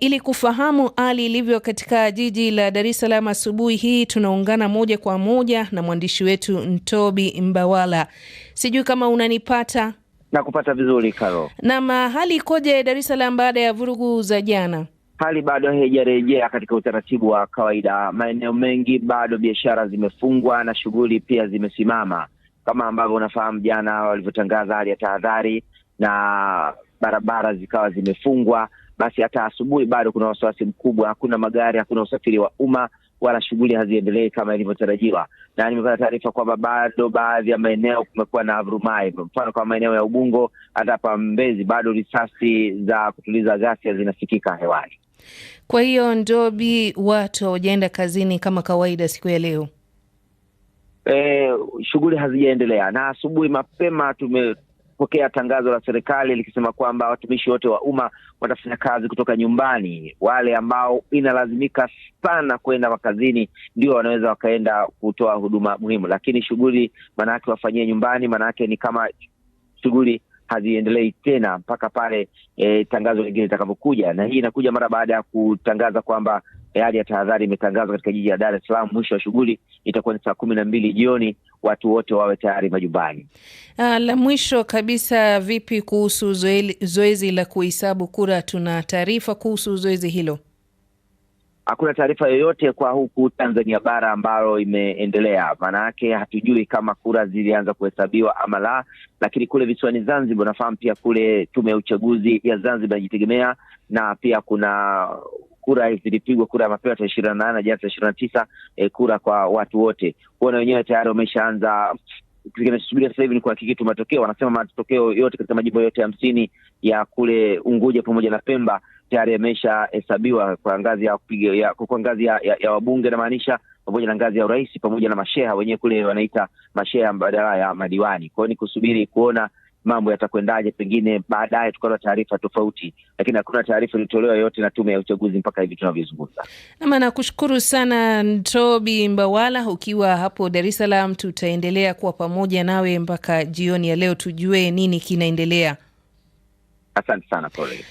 Ili kufahamu hali ilivyo katika jiji la Dar es Salaam asubuhi hii, tunaungana moja kwa moja na mwandishi wetu Ntobi Mbawala. Sijui kama unanipata na kupata vizuri Karo. Naam, hali ikoje Dar es Salaam baada ya vurugu za jana? Hali bado haijarejea katika utaratibu wa kawaida. Maeneo mengi bado biashara zimefungwa na shughuli pia zimesimama, kama ambavyo unafahamu jana walivyotangaza hali ya tahadhari na barabara zikawa zimefungwa basi hata asubuhi bado kuna wasiwasi mkubwa. Hakuna magari, hakuna usafiri wa umma wala shughuli haziendelei kama ilivyotarajiwa, na nimepata taarifa kwamba bado baadhi ya maeneo kumekuwa na vurumai, kwa mfano kama maeneo ya Ubungo hata hapa Mbezi, bado risasi za kutuliza ghasia zinasikika hewani. Kwa hiyo Ndobi, watu hawajaenda kazini kama kawaida siku ya leo. E, shughuli hazijaendelea na asubuhi mapema tume kupokea tangazo la serikali likisema kwamba watumishi wote wa umma watafanya kazi kutoka nyumbani. Wale ambao inalazimika sana kwenda makazini ndio wanaweza wakaenda kutoa huduma muhimu, lakini shughuli maanake wafanyie nyumbani, manaake ni kama shughuli haziendelei tena mpaka pale e, tangazo lingine litakapokuja, na hii inakuja mara baada ya kutangaza kwamba hali ya tahadhari imetangazwa katika jiji la Dar es Salaam. Mwisho wa shughuli itakuwa ni saa kumi na mbili jioni, watu wote wawe tayari majumbani. Ah, la mwisho kabisa, vipi kuhusu zoezi, zoezi la kuhesabu kura? Tuna taarifa kuhusu zoezi hilo? Hakuna taarifa yoyote kwa huku Tanzania bara ambayo imeendelea, maanayake hatujui kama kura zilianza kuhesabiwa ama la. Lakini kule visiwani Zanzibar, unafahamu pia kule tume ya uchaguzi ya Zanzibar inajitegemea na pia kuna kura zilipigwa, kura ya mapema tarehe ishirini na nane jana tarehe ishirini na tisa e, kura kwa watu wote kuona wenyewe tayari wameshaanza kinachosubiria sasa hivi ni kuhakiki tu matokeo. Wanasema matokeo yote katika majimbo yote hamsini ya kule Unguja pamoja na Pemba tayari yameshahesabiwa kwa ngazi ya ya, kwa ngazi ya, ya, ya wabunge namaanisha, pamoja na ngazi ya urahisi pamoja na masheha wenyewe kule wanaita masheha badala ya madiwani. kwao ni kusubiri kuona mambo yatakwendaje, pengine baadaye tukaona taarifa tofauti, lakini hakuna taarifa iliyotolewa yote na tume ya uchaguzi mpaka hivi tunavyozungumza. Nama nakushukuru sana Ntobi Mbawala, ukiwa hapo Dar es Salaam. Tutaendelea kuwa pamoja nawe mpaka jioni ya leo, tujue nini kinaendelea. Asante sana Pole.